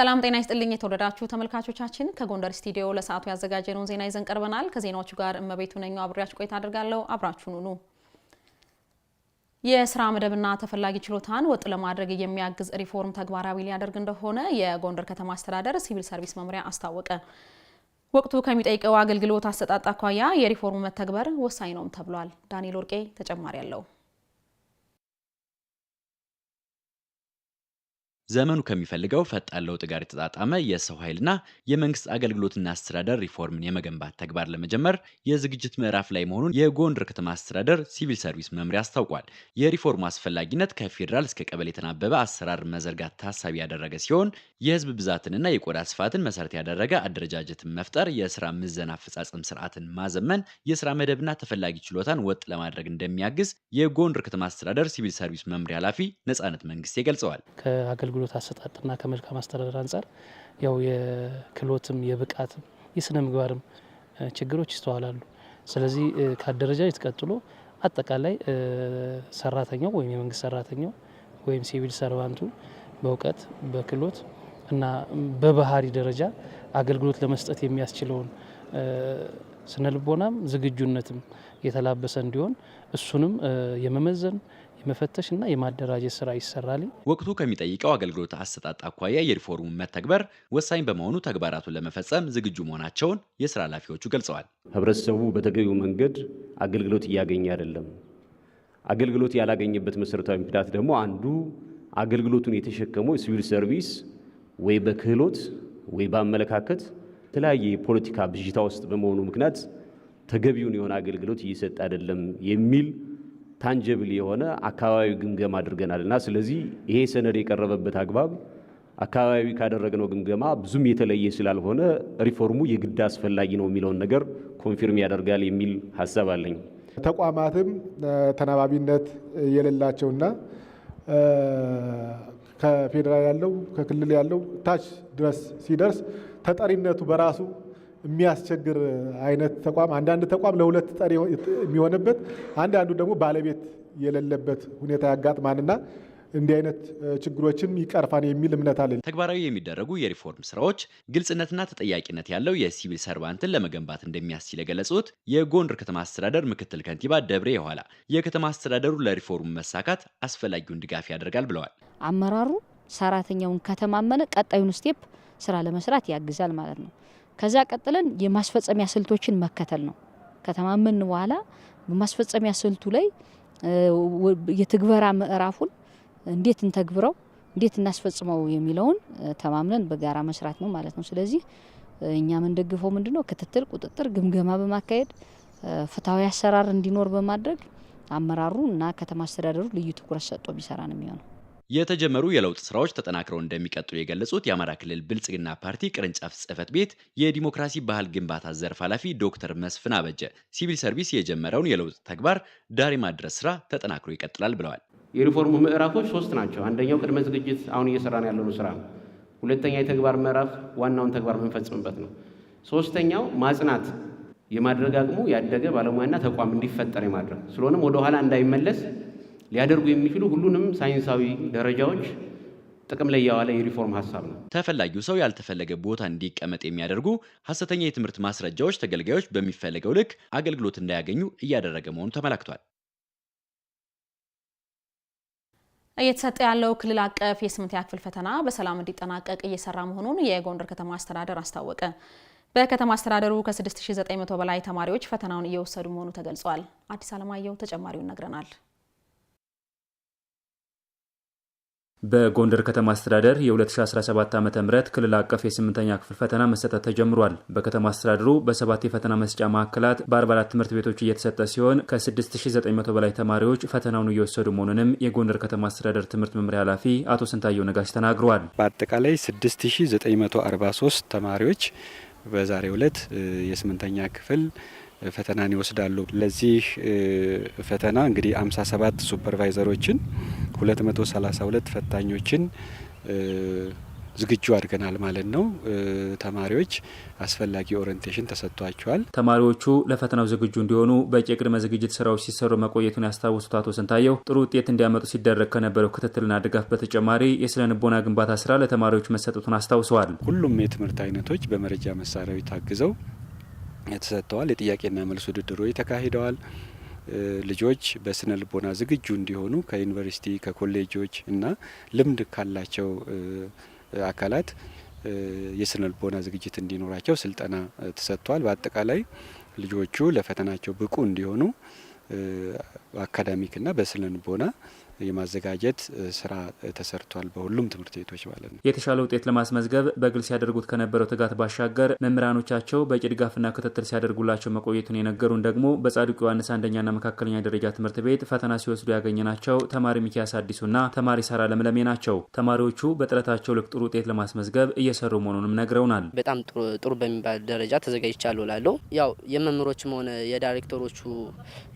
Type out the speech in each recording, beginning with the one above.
ሰላም ጤና ይስጥልኝ የተወደዳችሁ ተመልካቾቻችን፣ ከጎንደር ስቱዲዮ ለሰዓቱ ያዘጋጀነውን ዜና ይዘን ቀርበናል። ከዜናዎቹ ጋር እመቤቱ ነኝ፣ አብሬያችሁ ቆይታ አድርጋለሁ። አብራችሁን ኑ የስራ መደብና ተፈላጊ ችሎታን ወጥ ለማድረግ የሚያግዝ ሪፎርም ተግባራዊ ሊያደርግ እንደሆነ የጎንደር ከተማ አስተዳደር ሲቪል ሰርቪስ መምሪያ አስታወቀ። ወቅቱ ከሚጠይቀው አገልግሎት አሰጣጥ አኳያ የሪፎርሙ መተግበር ወሳኝ ነውም ተብሏል። ዳንኤል ወርቄ ተጨማሪ አለው። ዘመኑ ከሚፈልገው ፈጣን ለውጥ ጋር የተጣጣመ የሰው ኃይልና የመንግስት አገልግሎትና አስተዳደር ሪፎርምን የመገንባት ተግባር ለመጀመር የዝግጅት ምዕራፍ ላይ መሆኑን የጎንደር ከተማ አስተዳደር ሲቪል ሰርቪስ መምሪያ አስታውቋል። የሪፎርሙ አስፈላጊነት ከፌዴራል እስከ ቀበሌ የተናበበ አሰራር መዘርጋት ታሳቢ ያደረገ ሲሆን የህዝብ ብዛትንና የቆዳ ስፋትን መሰረት ያደረገ አደረጃጀትን መፍጠር፣ የስራ ምዘና አፈጻጸም ስርዓትን ማዘመን፣ የስራ መደብና ተፈላጊ ችሎታን ወጥ ለማድረግ እንደሚያግዝ የጎንደር ከተማ አስተዳደር ሲቪል ሰርቪስ መምሪያ ኃላፊ ነጻነት መንግስቴ ገልጸዋል። አገልግሎት አሰጣጥና ከመልካም አስተዳደር አንጻር ያው የክህሎትም የብቃትም የስነ ምግባርም ችግሮች ይስተዋላሉ። ስለዚህ ከአደረጃጀት ቀጥሎ አጠቃላይ ሰራተኛው ወይም የመንግስት ሰራተኛው ወይም ሲቪል ሰርቫንቱ በእውቀት በክህሎት እና በባህሪ ደረጃ አገልግሎት ለመስጠት የሚያስችለውን ስነልቦናም ዝግጁነትም የተላበሰ እንዲሆን እሱንም የመመዘን የመፈተሽ እና የማደራጀት ስራ ይሰራል። ወቅቱ ከሚጠይቀው አገልግሎት አሰጣጥ አኳያ የሪፎርሙን መተግበር ወሳኝ በመሆኑ ተግባራቱን ለመፈጸም ዝግጁ መሆናቸውን የስራ ኃላፊዎቹ ገልጸዋል። ህብረተሰቡ በተገቢው መንገድ አገልግሎት እያገኘ አይደለም። አገልግሎት ያላገኘበት መሰረታዊ ምክንያት ደግሞ አንዱ አገልግሎቱን የተሸከመው ሲቪል ሰርቪስ ወይ በክህሎት ወይ በአመለካከት የተለያየ የፖለቲካ ብዥታ ውስጥ በመሆኑ ምክንያት ተገቢውን የሆነ አገልግሎት እየሰጠ አይደለም የሚል ታንጀብል የሆነ አካባቢ ግምገማ አድርገናል እና ስለዚህ ይሄ ሰነድ የቀረበበት አግባብ አካባቢ ካደረግነው ግምገማ ብዙም የተለየ ስላልሆነ ሪፎርሙ የግድ አስፈላጊ ነው የሚለውን ነገር ኮንፊርም ያደርጋል የሚል ሀሳብ አለኝ። ተቋማትም ተናባቢነት የሌላቸውና ከፌዴራል ያለው ከክልል ያለው ታች ድረስ ሲደርስ ተጠሪነቱ በራሱ የሚያስቸግር አይነት ተቋም አንዳንድ ተቋም ለሁለት ጠሪ የሚሆንበት አንዳንዱ ደግሞ ባለቤት የሌለበት ሁኔታ ያጋጥማንና እንዲህ አይነት ችግሮችን ይቀርፋን የሚል እምነት አለን። ተግባራዊ የሚደረጉ የሪፎርም ስራዎች ግልጽነትና ተጠያቂነት ያለው የሲቪል ሰርቫንትን ለመገንባት እንደሚያስችል የገለጹት የጎንደር ከተማ አስተዳደር ምክትል ከንቲባ ደብሬ የኋላ የከተማ አስተዳደሩ ለሪፎርሙ መሳካት አስፈላጊውን ድጋፍ ያደርጋል ብለዋል። አመራሩ ሰራተኛውን ከተማመነ ቀጣዩን ስቴፕ ስራ ለመስራት ያግዛል ማለት ነው። ከዛ ቀጥለን የማስፈጸሚያ ስልቶችን መከተል ነው። ከተማመን በኋላ በማስፈጸሚያ ስልቱ ላይ የትግበራ ምዕራፉን እንዴት እንተግብረው፣ እንዴት እናስፈጽመው የሚለውን ተማምነን በጋራ መስራት ነው ማለት ነው። ስለዚህ እኛ የምንደግፈው ምንድን ነው? ክትትል፣ ቁጥጥር፣ ግምገማ በማካሄድ ፍትሐዊ አሰራር እንዲኖር በማድረግ አመራሩ እና ከተማ አስተዳደሩ ልዩ ትኩረት ሰጥቶ ቢሰራ ነው የሚሆነው። የተጀመሩ የለውጥ ስራዎች ተጠናክረው እንደሚቀጥሉ የገለጹት የአማራ ክልል ብልጽግና ፓርቲ ቅርንጫፍ ጽህፈት ቤት የዲሞክራሲ ባህል ግንባታ ዘርፍ ኃላፊ ዶክተር መስፍን አበጀ ሲቪል ሰርቪስ የጀመረውን የለውጥ ተግባር ዳር የማድረስ ስራ ተጠናክሮ ይቀጥላል ብለዋል። የሪፎርሙ ምዕራፎች ሶስት ናቸው። አንደኛው ቅድመ ዝግጅት አሁን እየሰራን ያለውን ስራ ነው። ሁለተኛ የተግባር ምዕራፍ ዋናውን ተግባር የምንፈጽምበት ነው። ሶስተኛው ማጽናት የማድረግ አቅሙ ያደገ ባለሙያና ተቋም እንዲፈጠር የማድረግ ስለሆነም ወደኋላ እንዳይመለስ ሊያደርጉ የሚችሉ ሁሉንም ሳይንሳዊ ደረጃዎች ጥቅም ላይ የዋለ የሪፎርም ሀሳብ ነው። ተፈላጊው ሰው ያልተፈለገ ቦታ እንዲቀመጥ የሚያደርጉ ሀሰተኛ የትምህርት ማስረጃዎች ተገልጋዮች በሚፈለገው ልክ አገልግሎት እንዳያገኙ እያደረገ መሆኑ ተመላክቷል። እየተሰጠ ያለው ክልል አቀፍ የስምንተኛ ክፍል ፈተና በሰላም እንዲጠናቀቅ እየሰራ መሆኑን የጎንደር ከተማ አስተዳደር አስታወቀ። በከተማ አስተዳደሩ ከ6900 በላይ ተማሪዎች ፈተናውን እየወሰዱ መሆኑ ተገልጿል። አዲስ አለማየሁ ተጨማሪውን ነግረናል። በጎንደር ከተማ አስተዳደር የ2017 ዓ ም ክልል አቀፍ የስምንተኛ ክፍል ፈተና መሰጠት ተጀምሯል። በከተማ አስተዳደሩ በሰባት የፈተና መስጫ ማዕከላት በ44 ትምህርት ቤቶች እየተሰጠ ሲሆን ከ6900 በላይ ተማሪዎች ፈተናውን እየወሰዱ መሆኑንም የጎንደር ከተማ አስተዳደር ትምህርት መምሪያ ኃላፊ አቶ ስንታየው ነጋሽ ተናግረዋል። በአጠቃላይ 6943 ተማሪዎች በዛሬው ዕለት የስምንተኛ ክፍል ፈተናን ይወስዳሉ። ለዚህ ፈተና እንግዲህ 57 ሱፐርቫይዘሮችን 232 ፈታኞችን ዝግጁ አድርገናል ማለት ነው። ተማሪዎች አስፈላጊ ኦሪንቴሽን ተሰጥቷቸዋል። ተማሪዎቹ ለፈተናው ዝግጁ እንዲሆኑ በቂ ቅድመ ዝግጅት ስራዎች ሲሰሩ መቆየቱን ያስታወሱት አቶ ስንታየው ጥሩ ውጤት እንዲያመጡ ሲደረግ ከነበረው ክትትልና ድጋፍ በተጨማሪ የስነ ልቦና ግንባታ ስራ ለተማሪዎች መሰጠቱን አስታውሰዋል። ሁሉም የትምህርት አይነቶች በመረጃ መሳሪያዎች ታግዘው ተሰጥተዋል። የጥያቄና መልስ ውድድሮች ተካሂደዋል። ልጆች በስነ ልቦና ዝግጁ እንዲሆኑ ከዩኒቨርሲቲ ከኮሌጆች እና ልምድ ካላቸው አካላት የስነ ልቦና ዝግጅት እንዲኖራቸው ስልጠና ተሰጥቷል። በአጠቃላይ ልጆቹ ለፈተናቸው ብቁ እንዲሆኑ በአካዳሚክና በስነ ልቦና የማዘጋጀት ስራ ተሰርቷል፣ በሁሉም ትምህርት ቤቶች ማለት ነው። የተሻለ ውጤት ለማስመዝገብ በግል ሲያደርጉት ከነበረው ትጋት ባሻገር መምህራኖቻቸው በቂ ድጋፍና ክትትል ሲያደርጉላቸው መቆየቱን የነገሩን ደግሞ በጻድቁ ዮሐንስ አንደኛና መካከለኛ ደረጃ ትምህርት ቤት ፈተና ሲወስዱ ያገኘናቸው ተማሪ ሚኪያስ አዲሱና ተማሪ ሰራ ለምለሜ ናቸው። ተማሪዎቹ በጥረታቸው ልክ ጥሩ ውጤት ለማስመዝገብ እየሰሩ መሆኑንም ነግረውናል። በጣም ጥሩ በሚባል ደረጃ ተዘጋጅቻለሁ እላለሁ። ያው የመምህሮችም ሆነ የዳይሬክተሮቹ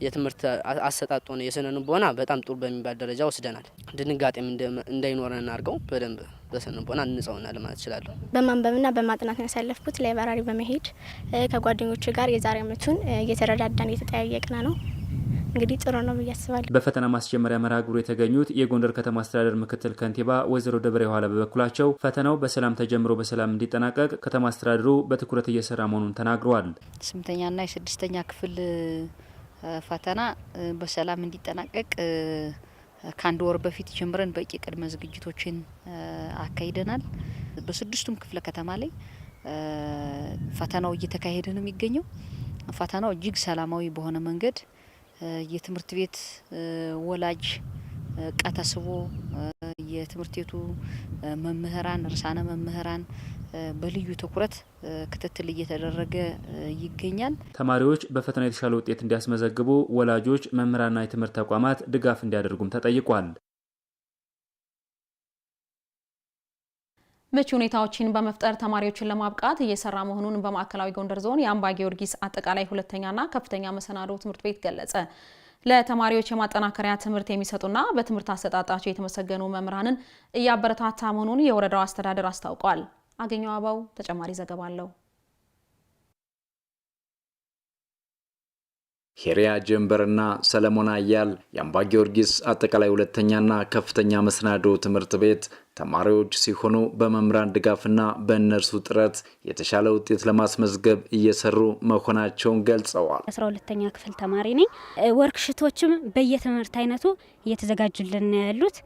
የትምህርት አሰጣጡን የስነ ልቦና በጣም ጥሩ በሚባል ደረጃ ደረጃ ወስደናል። ድንጋጤም እንዳይኖረን እናርገው በደንብ በስነ እንጽውናል ማለት ይችላሉ። በማንበብና በማጥናት ነው ያሳለፍኩት። ላይብራሪ በመሄድ ከጓደኞች ጋር የዛሬ አመቱን እየተረዳዳን እየተጠያየቅን ነው። እንግዲህ ጥሩ ነው ብዬ አስባለሁ። በፈተና ማስጀመሪያ መርሃ ግብሩ የተገኙት የጎንደር ከተማ አስተዳደር ምክትል ከንቲባ ወይዘሮ ደብረ የኋላ በበኩላቸው ፈተናው በሰላም ተጀምሮ በሰላም እንዲጠናቀቅ ከተማ አስተዳደሩ በትኩረት እየሰራ መሆኑን ተናግረዋል። ስምንተኛና የስድስተኛ ክፍል ፈተና በሰላም እንዲጠናቀቅ ከአንድ ወር በፊት ጀምረን በቂ ቅድመ ዝግጅቶችን አካሂደናል። በስድስቱም ክፍለ ከተማ ላይ ፈተናው እየተካሄደ ነው የሚገኘው። ፈተናው እጅግ ሰላማዊ በሆነ መንገድ የትምህርት ቤት ወላጅ ቀተስቦ የትምህርት ቤቱ መምህራን ርሳነ መምህራን በልዩ ትኩረት ክትትል እየተደረገ ይገኛል። ተማሪዎች በፈተና የተሻለ ውጤት እንዲያስመዘግቡ ወላጆች፣ መምህራንና የትምህርት ተቋማት ድጋፍ እንዲያደርጉም ተጠይቋል። ምቹ ሁኔታዎችን በመፍጠር ተማሪዎችን ለማብቃት እየሰራ መሆኑን በማዕከላዊ ጎንደር ዞን የአምባ ጊዮርጊስ አጠቃላይ ሁለተኛና ከፍተኛ መሰናዶ ትምህርት ቤት ገለጸ። ለተማሪዎች የማጠናከሪያ ትምህርት የሚሰጡና በትምህርት አሰጣጣቸው የተመሰገኑ መምህራንን እያበረታታ መሆኑን የወረዳው አስተዳደር አስታውቋል። አገኘው አባው ተጨማሪ ዘገባ አለው። ሄሪያ ጀንበርና ሰለሞን አያል የአምባ ጊዮርጊስ አጠቃላይ ሁለተኛና ከፍተኛ መሰናዶ ትምህርት ቤት ተማሪዎች ሲሆኑ በመምህራን ድጋፍና በእነርሱ ጥረት የተሻለ ውጤት ለማስመዝገብ እየሰሩ መሆናቸውን ገልጸዋል። አስራ ሁለተኛ ክፍል ተማሪ ነኝ። ወርክሽቶችም በየትምህርት አይነቱ እየተዘጋጁልን ያሉት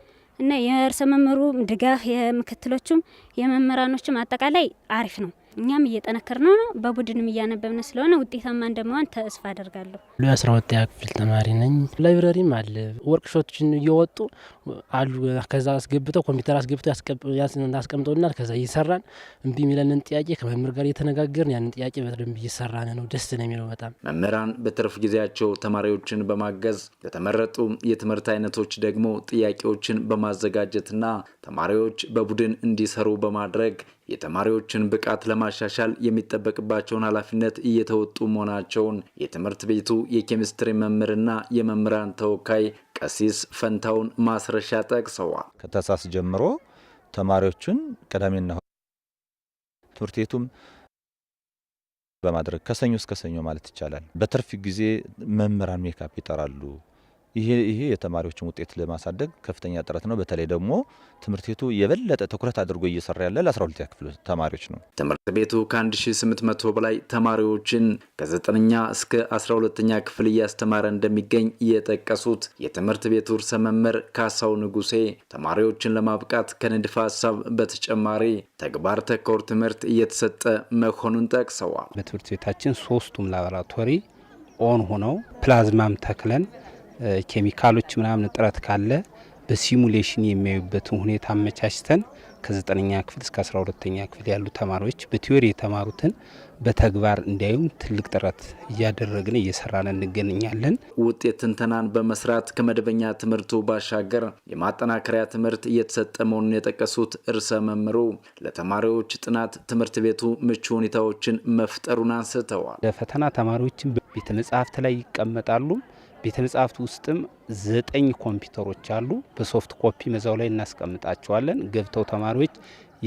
እና የርዕሰ መምህሩ ድጋፍ የምክትሎቹም የመምህራኖችም አጠቃላይ አሪፍ ነው። እኛም እየጠነከር ነው በቡድንም እያነበብን ስለሆነ ውጤታማ እንደመሆን ተስፋ አደርጋለሁ። የአስራ ሁለተኛ ክፍል ተማሪ ነኝ። ላይብረሪም አለ ወርክሾቶችን እየወጡ አሉ። ከዛ አስገብተው ኮምፒውተር አስገብተው ያስቀምጠውናል። ከዛ እየሰራን እምቢ የሚለንን ጥያቄ ከመምህር ጋር እየተነጋገርን ያንን ጥያቄ በደንብ እየሰራን ነው። ደስ ነው የሚለው በጣም። መምህራን በትርፍ ጊዜያቸው ተማሪዎችን በማገዝ ለተመረጡ የትምህርት አይነቶች ደግሞ ጥያቄዎችን በማዘጋጀትና ተማሪዎች በቡድን እንዲሰሩ በማድረግ የተማሪዎችን ብቃት ለማሻሻል የሚጠበቅባቸውን ኃላፊነት እየተወጡ መሆናቸውን የትምህርት ቤቱ የኬሚስትሪ መምህርና የመምህራን ተወካይ ቀሲስ ፈንታውን ማስረሻ ጠቅሰዋል። ከታህሳስ ጀምሮ ተማሪዎችን ቅዳሜና ትምህርት ቤቱም በማድረግ ከሰኞ እስከ ሰኞ ማለት ይቻላል በትርፍ ጊዜ መምህራን ሜካፕ ይጠራሉ። ይሄ ይሄ የተማሪዎችን ውጤት ለማሳደግ ከፍተኛ ጥረት ነው። በተለይ ደግሞ ትምህርት ቤቱ የበለጠ ትኩረት አድርጎ እየሰራ ያለ ለ12ኛ ክፍል ተማሪዎች ነው። ትምህርት ቤቱ ከ1800 በላይ ተማሪዎችን ከ9ኛ እስከ 12ኛ ክፍል እያስተማረ እንደሚገኝ የጠቀሱት የትምህርት ቤቱ ርዕሰ መምህር ካሳው ንጉሴ ተማሪዎችን ለማብቃት ከንድፈ ሀሳብ በተጨማሪ ተግባር ተኮር ትምህርት እየተሰጠ መሆኑን ጠቅሰዋል። በትምህርት ቤታችን ሶስቱም ላቦራቶሪ ኦን ሆነው ፕላዝማም ተክለን ኬሚካሎች ምናምን እጥረት ካለ በሲሙሌሽን የሚያዩበትን ሁኔታ አመቻችተን ከዘጠነኛ ክፍል እስከ አስራ ሁለተኛ ክፍል ያሉ ተማሪዎች በቲዮሪ የተማሩትን በተግባር እንዲያዩም ትልቅ ጥረት እያደረግን እየሰራን እንገኛለን። ውጤት ትንተናን በመስራት ከመደበኛ ትምህርቱ ባሻገር የማጠናከሪያ ትምህርት እየተሰጠ መሆኑን የጠቀሱት እርሰ መምሩ ለተማሪዎች ጥናት ትምህርት ቤቱ ምቹ ሁኔታዎችን መፍጠሩን አንስተዋል። ለፈተና ተማሪዎችን ቤተ መጽሐፍት ላይ ይቀመጣሉ። ቤተ መጻሕፍት ውስጥም ዘጠኝ ኮምፒውተሮች አሉ። በሶፍት ኮፒ መዛው ላይ እናስቀምጣቸዋለን። ገብተው ተማሪዎች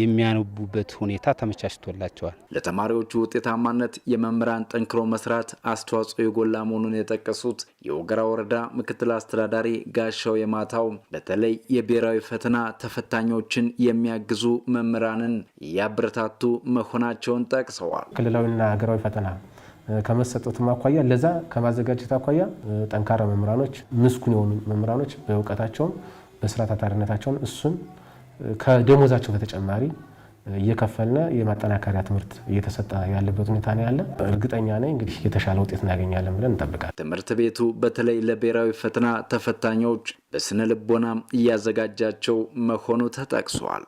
የሚያነቡበት ሁኔታ ተመቻችቶላቸዋል። ለተማሪዎቹ ውጤታማነት የመምህራን ጠንክሮ መስራት አስተዋጽኦ የጎላ መሆኑን የጠቀሱት የወገራ ወረዳ ምክትል አስተዳዳሪ ጋሻው የማታው በተለይ የብሔራዊ ፈተና ተፈታኞችን የሚያግዙ መምህራንን እያበረታቱ መሆናቸውን ጠቅሰዋል። ክልላዊና ሀገራዊ ፈተና ከመሰጠቱም አኳያ ለዛ ከማዘጋጀት አኳያ ጠንካራ መምህራኖች፣ ምስኩን የሆኑ መምህራኖች በእውቀታቸውም በስራ ታታሪነታቸውን እሱን ከደሞዛቸው በተጨማሪ እየከፈልነ የማጠናከሪያ ትምህርት እየተሰጠ ያለበት ሁኔታ ነው ያለ። እርግጠኛ ነኝ እንግዲህ የተሻለ ውጤት እናገኛለን ብለን እንጠብቃለን። ትምህርት ቤቱ በተለይ ለብሔራዊ ፈተና ተፈታኞች በስነ ልቦና እያዘጋጃቸው መሆኑ ተጠቅሷል።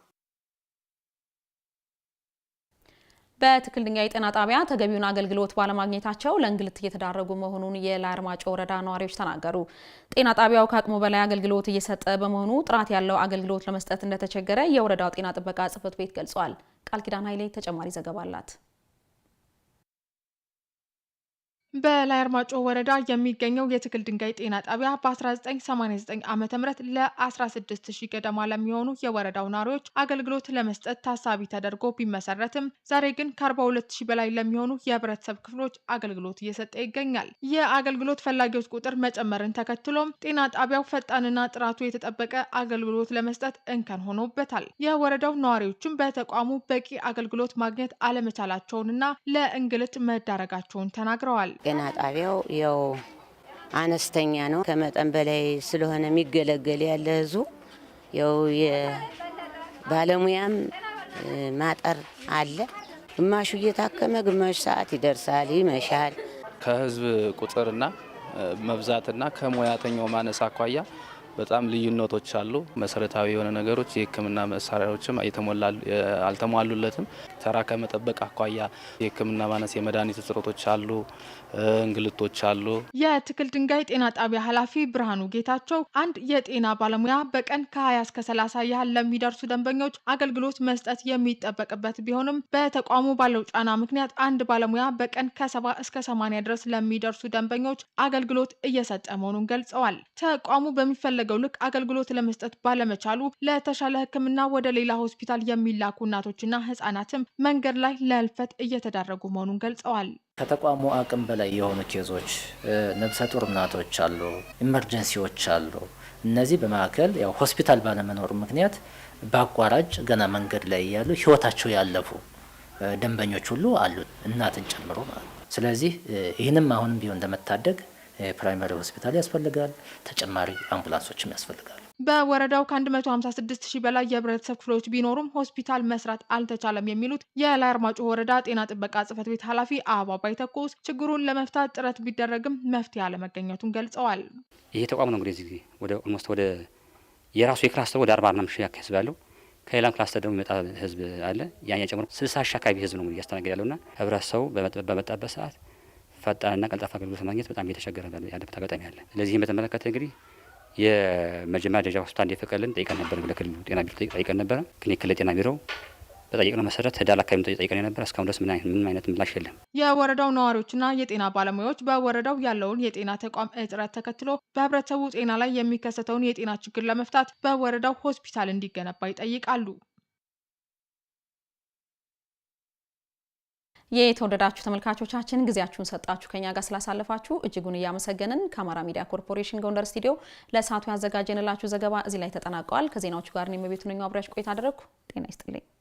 በትክል ድንጋይ ጤና ጣቢያ ተገቢውን አገልግሎት ባለማግኘታቸው ለእንግልት እየተዳረጉ መሆኑን የላርማጮ ወረዳ ነዋሪዎች ተናገሩ። ጤና ጣቢያው ከአቅሙ በላይ አገልግሎት እየሰጠ በመሆኑ ጥራት ያለው አገልግሎት ለመስጠት እንደተቸገረ የወረዳው ጤና ጥበቃ ጽሕፈት ቤት ገልጿል። ቃል ኪዳን ኃይሌ ተጨማሪ ዘገባ አላት። በላይ አርማጮ ወረዳ የሚገኘው የትክል ድንጋይ ጤና ጣቢያ በ1989 ዓ ም ለ16 ሺህ ገደማ ለሚሆኑ የወረዳው ነዋሪዎች አገልግሎት ለመስጠት ታሳቢ ተደርጎ ቢመሰረትም ዛሬ ግን ከ42 ሺህ በላይ ለሚሆኑ የህብረተሰብ ክፍሎች አገልግሎት እየሰጠ ይገኛል። የአገልግሎት ፈላጊዎች ቁጥር መጨመርን ተከትሎም ጤና ጣቢያው ፈጣንና ጥራቱ የተጠበቀ አገልግሎት ለመስጠት እንከን ሆኖበታል። የወረዳው ነዋሪዎችም በተቋሙ በቂ አገልግሎት ማግኘት አለመቻላቸውንና ለእንግልት መዳረጋቸውን ተናግረዋል። ጤና ጣቢያው ያው አነስተኛ ነው። ከመጠን በላይ ስለሆነ የሚገለገል ያለ ህዝቡ ያው የባለሙያም ማጠር አለ። ግማሹ እየታከመ ግማሽ ሰዓት ይደርሳል፣ ይመሻል። ከህዝብ ቁጥርና መብዛትና ከሙያተኛው ማነስ አኳያ በጣም ልዩነቶች አሉ። መሰረታዊ የሆነ ነገሮች የህክምና መሳሪያዎችም አልተሟሉለትም። ተራ ከመጠበቅ አኳያ የህክምና ማነስ፣ የመድኃኒት እጥረቶች አሉ፣ እንግልቶች አሉ። የትክል ድንጋይ ጤና ጣቢያ ኃላፊ ብርሃኑ ጌታቸው አንድ የጤና ባለሙያ በቀን ከ20 እስከ 30 ያህል ለሚደርሱ ደንበኞች አገልግሎት መስጠት የሚጠበቅበት ቢሆንም በተቋሙ ባለው ጫና ምክንያት አንድ ባለሙያ በቀን ከሰባ እስከ 80 ድረስ ለሚደርሱ ደንበኞች አገልግሎት እየሰጠ መሆኑን ገልጸዋል። ተቋሙ በሚፈለ በተፈለገው ልክ አገልግሎት ለመስጠት ባለመቻሉ ለተሻለ ሕክምና ወደ ሌላ ሆስፒታል የሚላኩ እናቶችና ህጻናትም መንገድ ላይ ለህልፈት እየተዳረጉ መሆኑን ገልጸዋል። ከተቋሙ አቅም በላይ የሆኑ ኬዞች፣ ነብሰ ጡር እናቶች አሉ፣ ኢመርጀንሲዎች አሉ። እነዚህ በማዕከል ያው ሆስፒታል ባለመኖሩ ምክንያት በአቋራጭ ገና መንገድ ላይ ያሉ ህይወታቸው ያለፉ ደንበኞች ሁሉ አሉ፣ እናትን ጨምሮ ማለት ነው። ስለዚህ ይህንም አሁንም ቢሆን እንደመታደግ ፕራይማሪ ሆስፒታል ያስፈልጋል፣ ተጨማሪ አምቡላንሶችም ያስፈልጋል። በወረዳው ከ156 ሺህ በላይ የህብረተሰብ ክፍሎች ቢኖሩም ሆስፒታል መስራት አልተቻለም የሚሉት የላይ አርማጭሆ ወረዳ ጤና ጥበቃ ጽሕፈት ቤት ኃላፊ አበባ ባይተኮስ ችግሩን ለመፍታት ጥረት ቢደረግም መፍትሄ አለመገኘቱን ገልጸዋል። ይሄ ተቋም ነው እንግዲህ እዚህ ወደ ኦልሞስት ወደ የራሱ የክላስተር ወደ 40 ሺህ ያክል ህዝብ ያለው ከሌላም ክላስተር ደግሞ የሚመጣ ህዝብ አለ። ያኛ ጨምሮ 60 ሺህ አካባቢ ህዝብ ነው እያስተናገድ ያለው ና ህብረተሰቡ በመጣበት ሰዓት ፈጣንና ቀልጣፋ አገልግሎት ማግኘት በጣም እየተቸገረ ያለበት አጋጣሚ አለ። ስለዚህም በተመለከተ እንግዲህ የመጀመሪያ ደረጃ ሆስፒታል እንዲፈቀድልን ጠይቀን ነበር። ለክልሉ ጤና ቢሮ ጠይቀን ነበረ። ግን የክልል ጤና ቢሮው በጠየቅነው መሰረት ህዳር አካባቢ ጠይቀን የነበረ እስካሁን ድረስ ምንም አይነት ምላሽ የለም። የወረዳው ነዋሪዎችና የጤና ባለሙያዎች በወረዳው ያለውን የጤና ተቋም እጥረት ተከትሎ በህብረተሰቡ ጤና ላይ የሚከሰተውን የጤና ችግር ለመፍታት በወረዳው ሆስፒታል እንዲገነባ ይጠይቃሉ። የተወደዳችሁ ተመልካቾቻችን ጊዜያችሁን ሰጣችሁ ከኛ ጋር ስላሳለፋችሁ እጅጉን እያመሰገንን ከአማራ ሚዲያ ኮርፖሬሽን ጎንደር ስቱዲዮ ለሰዓቱ ያዘጋጀንላችሁ ዘገባ እዚህ ላይ ተጠናቀዋል። ከዜናዎቹ ጋር እኔ መቤቱ ነኝ። አብሪያችሁ ቆይታ አደረግኩ። ጤና ይስጥልኝ።